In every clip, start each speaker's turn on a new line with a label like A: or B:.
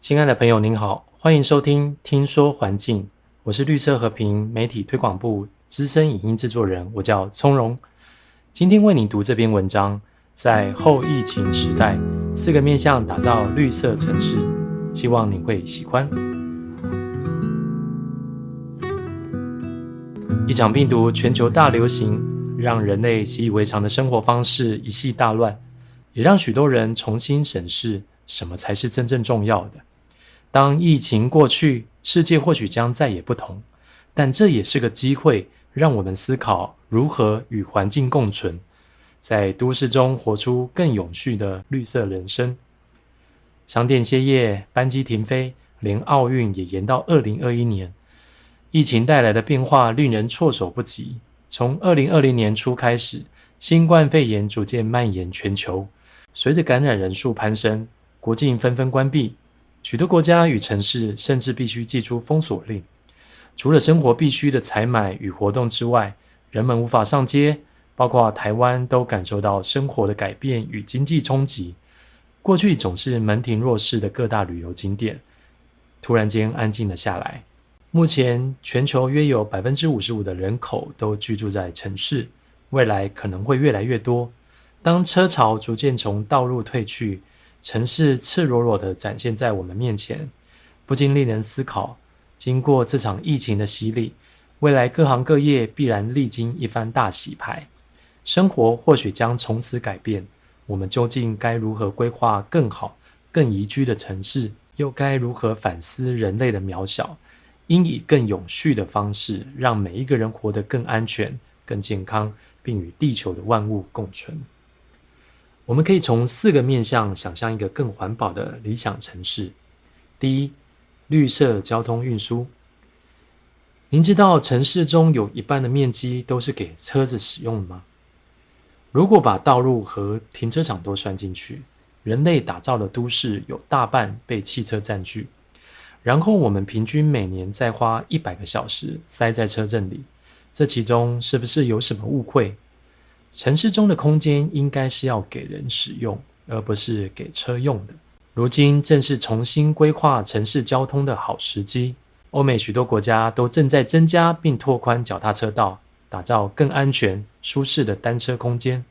A: 親愛的朋友，您好，歡迎收聽《聽說環境》，我是綠色和平媒體推廣部資深影音製作人，我叫從容。今天為你讀這篇文章，在後疫情時代，四個面向打造綠色城市，希望你會喜歡。 一場病毒全球大流行，讓人類習以為常的生活方式一夕大亂，也讓許多人重新審視什麼才是真正重要的。當疫情過去，世界或許將再也不同，但這也是個機會，讓我們思考如何與環境共存，在都市中活出更永續的綠色人生。商店歇業，班機停飛，連奧運也延到二零二一年。疫情帶來的變化令人措手不及。從二零二零年初開始，新冠肺炎逐漸蔓延全球，隨着感染人數攀升，國境紛紛關閉。許多國家與城市甚至必須祭出封鎖令，除了生活必需的採買與活動之外，人們無法上街，包括台灣都感受到生活的改變與經濟衝擊。過去總是門庭若市的各大旅遊景點，突然間安靜了下來。目前全球約有百分之五十五的人口都居住在城市，未來可能會越來越多。當車潮逐漸從道路退去，城市赤裸裸地展現在我們面前，不禁令人思考：經過這場疫情的洗禮，未來各行各業必然歷經一番大洗牌，生活或許將從此改變。我們究竟該如何規劃更好、更宜居的城市？又該如何反思人類的渺小？應以更永續的方式，讓每一個人活得更安全、更健康，並與地球的萬物共存。我們可以從四個面向想象一個更環保的理想城市。第一，綠色交通運輸。您知道城市中有一半的面積都是給車子使用的嗎？如果把道路和停車場都算進去，人類打造的都市有大半被汽車占據，然後我們平均每年再花一百個小時塞在車陣裡，這其中是不是有什麼誤會？城市中的空間應該是要給人使用，而不是給車用的。如今正是重新規劃城市交通的好時機。歐美許多國家都正在增加並拓寬腳踏車道，打造更安全、舒適的單車空間。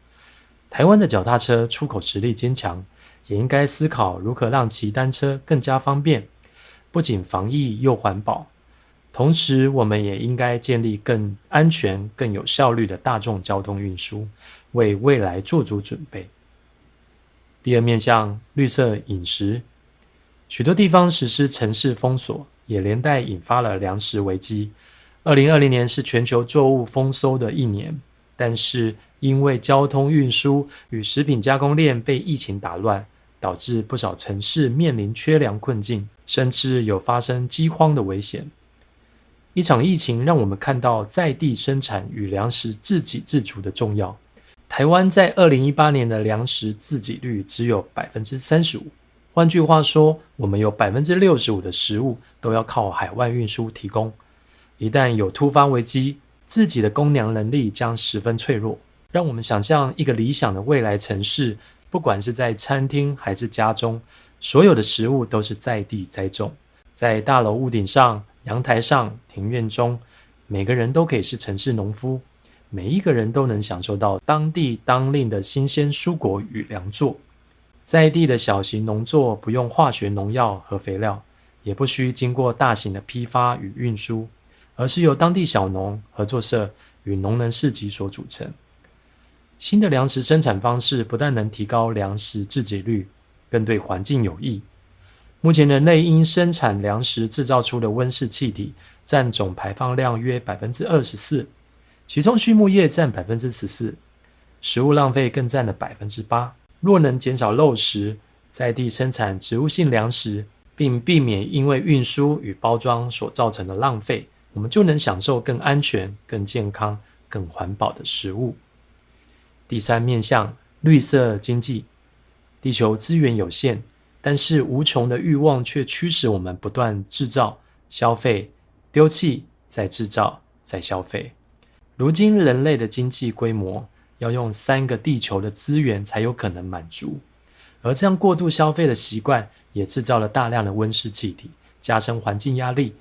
A: 台灣的腳踏車出口實力堅強，也應該思考如何讓騎單車更加方便，不僅防疫又環保。同時，我們也應該建立更安全、更有效率的大眾交通運輸，為未來做足準備。第二面向，綠色飲食，許多地方實施城市封鎖，也連帶引發了糧食危機。2020年是全球作物豐收的一年，但是因為交通運輸與食品加工鏈被疫情打亂，導致不少城市面臨缺糧困境，甚至有發生饑荒的危險。一場疫情讓我們看到在地生產與糧食自給自足的重要。台灣在二零一八年的糧食自給率只有百分之三十五，換句話說，我們有百分之六十五的食物都要靠海外運輸提供。一旦有突發危機，自己的供糧能力將十分脆弱。讓我們想象一個理想的未來城市，不管是在餐廳還是家中，所有的食物都是在地栽種，在大樓屋頂上。陽臺上、庭院中，每個人都可以是城市農夫，每一個人都能享受到當地當令的新鮮蔬果與糧作。在地的小型農作不用化學農藥和肥料，也不需經過大型的批發與運輸，而是由當地小農合作社與農人市集所組成。新的糧食生產方式不但能提高糧食自給率，更對環境有益。目前，人類因生産糧食製造出的溫室氣體佔總排放量約百分之二十四，其中畜牧業佔百分之十四，食物浪費更佔了百分之八。若能減少肉食，在地生産植物性糧食，並避免因為運輸與包裝所造成的浪費，我們就能享受更安全、更健康、更環保的食物。第三面向，綠色經濟，地球資源有限。但是無窮的慾望卻驅使我們不斷製造、消費、丟棄、再製造、再消費。如今人類的經濟規模要用三個地球的資源才有可能滿足，而這樣過度消費的習慣也製造了大量的溫室氣體，加深環境壓力。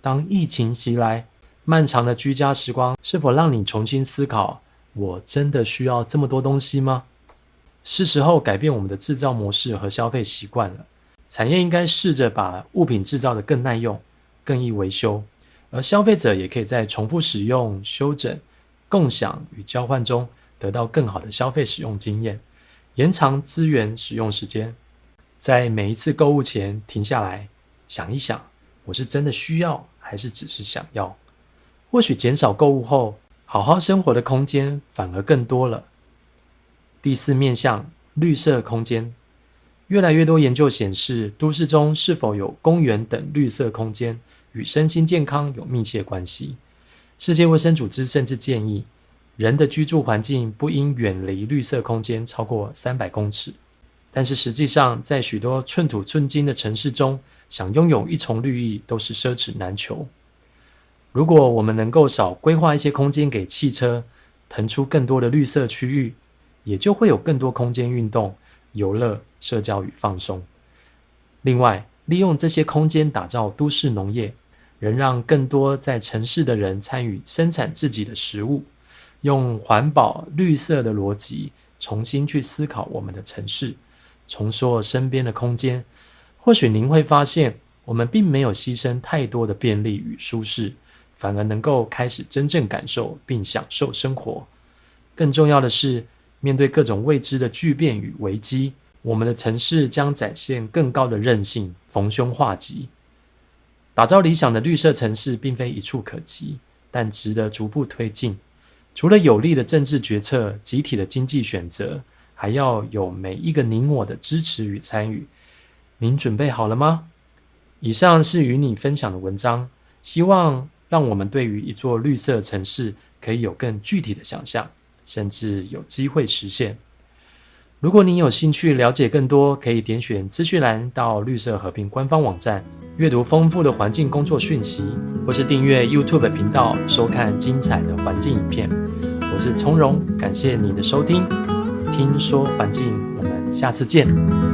A: 當疫情襲來，漫長的居家時光是否讓你重新思考，我真的需要這麼多東西嗎？是時候改變我們的製造模式和消費習慣了。產業應該試着把物品製造得更耐用、更易維修，而消費者也可以在重複使用、修整、共享與交換中得到更好的消費使用經驗，延長資源使用時間。在每一次購物前停下來想一想，我是真的需要還是只是想要？或許減少購物後，好好生活的空間反而更多了。第四面向綠色空間，越來越多研究顯示，都市中是否有公園等綠色空間，與身心健康有密切關係。世界衛生組織甚至建議，人的居住環境不應遠離綠色空間超過三百公尺。但是實際上，在許多寸土寸金的城市中，想擁有一重綠意都是奢侈難求。如果我們能夠少規劃一些空間給汽車，騰出更多的綠色區域。也就會有更多空間運動、遊樂、社交與放鬆。另外，利用這些空間打造都市農業，能讓更多在城市的人參與生產自己的食物，用環保綠色的邏輯重新去思考我們的城市，重塑身邊的空間。或許您會發現，我們並沒有犧牲太多的便利與舒適，反而能夠開始真正感受並享受生活。更重要的是，面對各種未知的巨變與危機，我們的城市將展現更高的韌性，逢凶化吉。打造理想的綠色城市並非一蹴可及，但值得逐步推進。除了有力的政治決策、集體的經濟選擇，還要有每一個你我的支持與參與。您準備好了嗎？以上是與你分享的文章，希望讓我們對於一座綠色城市可以有更具體的想象。甚至有機會實現。如果你有興趣了解更多，可以點選資訊欄到綠色和平官方網站，閱讀豐富的環境工作訊息，或是訂閱 YouTube 頻道，收看精彩的環境影片。我是從容，感謝你的收聽。聽說環境，我們下次見。